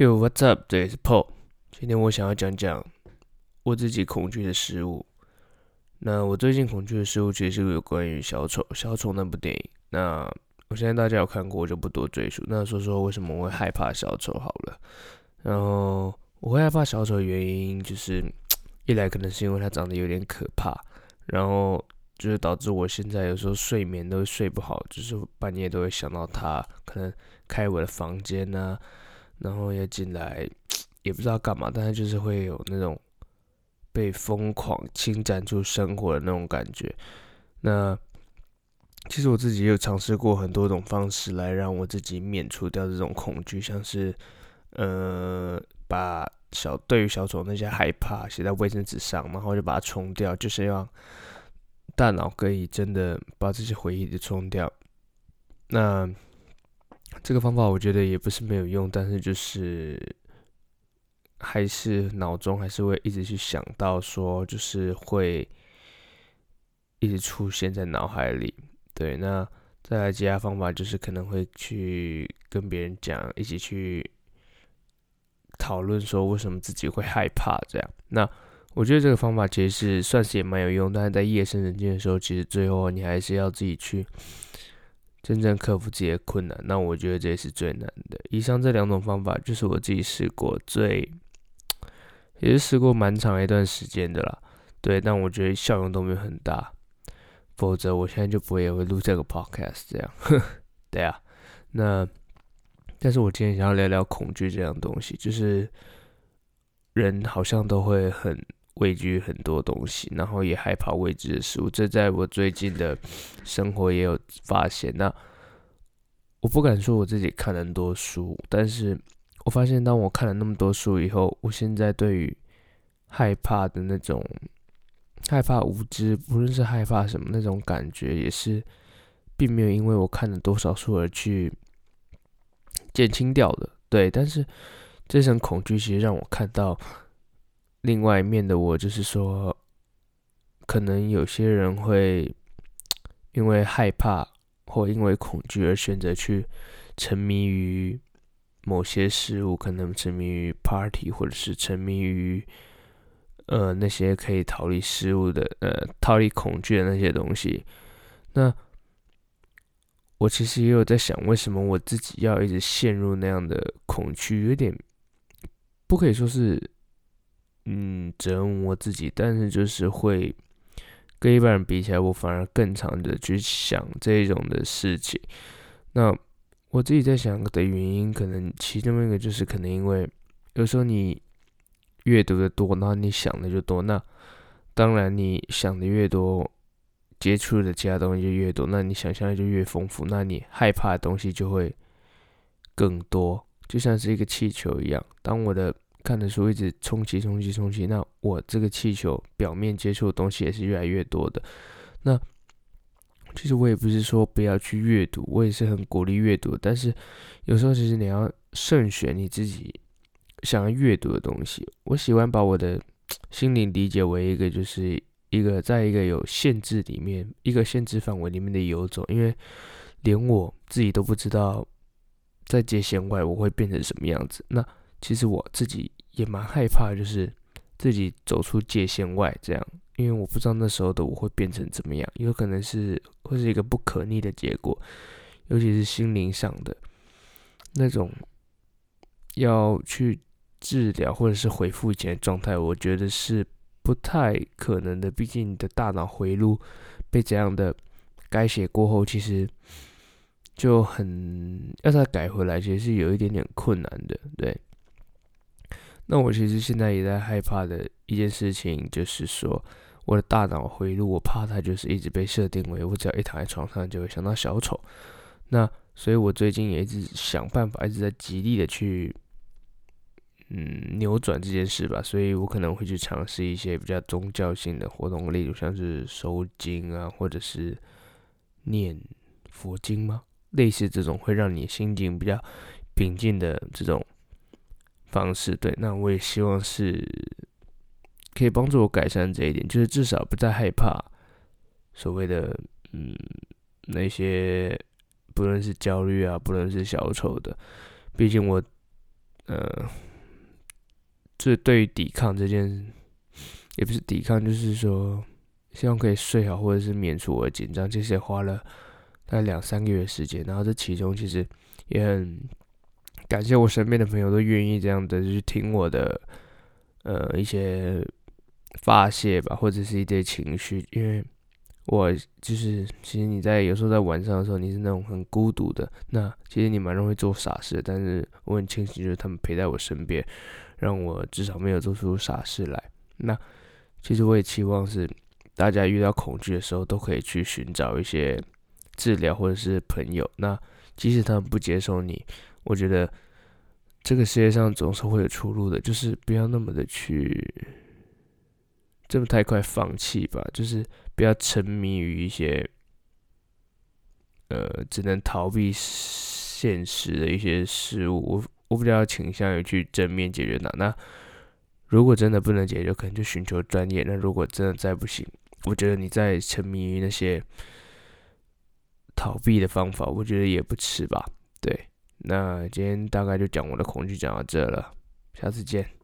Yo, what's up? 這是 Paul。今天我想要講講我自己恐懼的事物。那我最近恐懼的事物其實是有關於小丑，小丑那部電影。那我相信大家有看過，我就不多贅述。那說說為什麼我會害怕小丑好了。然後我會害怕小丑的原因就是，一來可能是因為他長得有點可怕，然後就是導致我現在有時候睡眠都睡不好，就是半夜都會想到他，可能開我的房間吶、啊。然後也進來，也不知道幹嘛，但是就是會有那種被瘋狂侵占住生活的那種感覺。那其實我自己有嘗試過很多種方式來讓我自己免除掉這種恐懼，像是呃把小對於小丑那些害怕寫在衛生紙上，然後就把它沖掉，就是要大腦可以真的把這些回憶給沖掉。那。這個方法我覺得也不是沒有用，但是就是還是腦中還是會一直去想到說，就是會一直出現在腦海裡。對，那再來其他方法就是可能會去跟別人講，一起去討論說為什麼自己會害怕這樣。那我覺得這個方法其實是算是也蠻有用，但是在夜深人靜的時候，其實最後你還是要自己去。真正克服這些困難，那我覺得這也是最難的。以上這兩種方法就是我自己試過最，也是試過蠻長一段時間的啦。對，但我覺得效用都沒有很大，否則我現在就不會也會錄這個 podcast 這樣，呵呵。對啊，那但是我今天想要聊聊恐懼這樣東西，就是人好像都會很。畏懼很多東西，然後也害怕未知的事物。這在我最近的生活也有發現。那我不敢說我自己看了很多書，但是我發現當我看了那麼多書以後，我現在對於害怕的那種害怕無知，不論是害怕什麼那種感覺，也是並沒有因為我看了多少書而去減輕掉的。對，但是這層恐懼其實讓我看到。另外一面的我，就是說，可能有些人會因為害怕或因為恐懼而選擇去沉迷於某些事物，可能沉迷於 party，或者是沉迷於呃那些可以逃離事物的、呃逃離恐懼的那些東西。那我其實也有在想，為什麼我自己要一直陷入那樣的恐懼？有點不可以說是。嗯，折磨我自己，但是就是會跟一般人比起來，我反而更常的去想這種的事情。那我自己在想的原因，可能其中一個就是，可能因為有時候你閱讀的多，那你想的就多。那當然，你想的越多，接觸的其他東西就越多，那你想象的就越豐富，那你害怕的東西就會更多，就像是一個氣球一樣。當我的看的書一直充氣、充氣、充氣，那我這個氣球表面接觸的東西也是越來越多的。那其實我也不是說不要去閱讀，我也是很鼓勵閱讀，但是有時候其實你要慎選你自己想要閱讀的東西。我喜歡把我的心靈理解為一個，就是一個在一個有限制裡面、一個限制範圍裡面的游走，因為連我自己都不知道在界限外我會變成什麼樣子。那其實我自己也蠻害怕，就是自己走出界限外這樣，因為我不知道那時候的我會變成怎麼樣，有可能是會是一個不可逆的結果，尤其是心靈上的那種要去治療或者是恢復以前的狀態，我覺得是不太可能的。畢竟你的大腦回路被這樣的改寫過後，其實就很要再改回來，其實是有一點點困難的，對。那我其實現在也在害怕的一件事情，就是說我的大腦回路，我怕它就是一直被設定為，我只要一躺在床上就會想到小丑。那所以，我最近也一直想辦法，一直在極力的去，嗯，扭轉這件事吧。所以我可能會去嘗試一些比較宗教性的活動，例如像是收經啊，或者是念佛經嗎？類似這種會讓你心境比較平靜的這種方式，對，那我也希望是可以幫助我改善這一點，就是至少不再害怕所謂的嗯那些，不論是焦慮啊，不論是小丑的，畢竟我，呃，這對於抵抗這件事，也不是抵抗，就是說希望可以睡好，或者是免除我的緊張，其實花了大概兩三個月時間，然後這其中其實也很。感謝我身邊的朋友都願意這樣的，就是聽我的，呃，一些發洩吧，或者是一些情緒。因為，我就是其實你在有時候在晚上的時候，你是那種很孤獨的，那其實你蠻容易做傻事。但是我很慶幸，就是他們陪在我身邊，讓我至少沒有做出傻事來。那其實我也期望是，大家遇到恐懼的時候都可以去尋找一些治療或者是朋友。那即使他們不接受你。我覺得這個世界上總是會有出路的，就是不要那麼的去這麼太快放棄吧，就是不要沉迷於一些呃只能逃避現實的一些事物。我我比較傾向於去正面解決它。那如果真的不能解決，可能就尋求專業。那如果真的再不行，我覺得你再沉迷於那些逃避的方法，我覺得也不遲吧。對。那今天大概就講我的恐懼講到這了，下次見。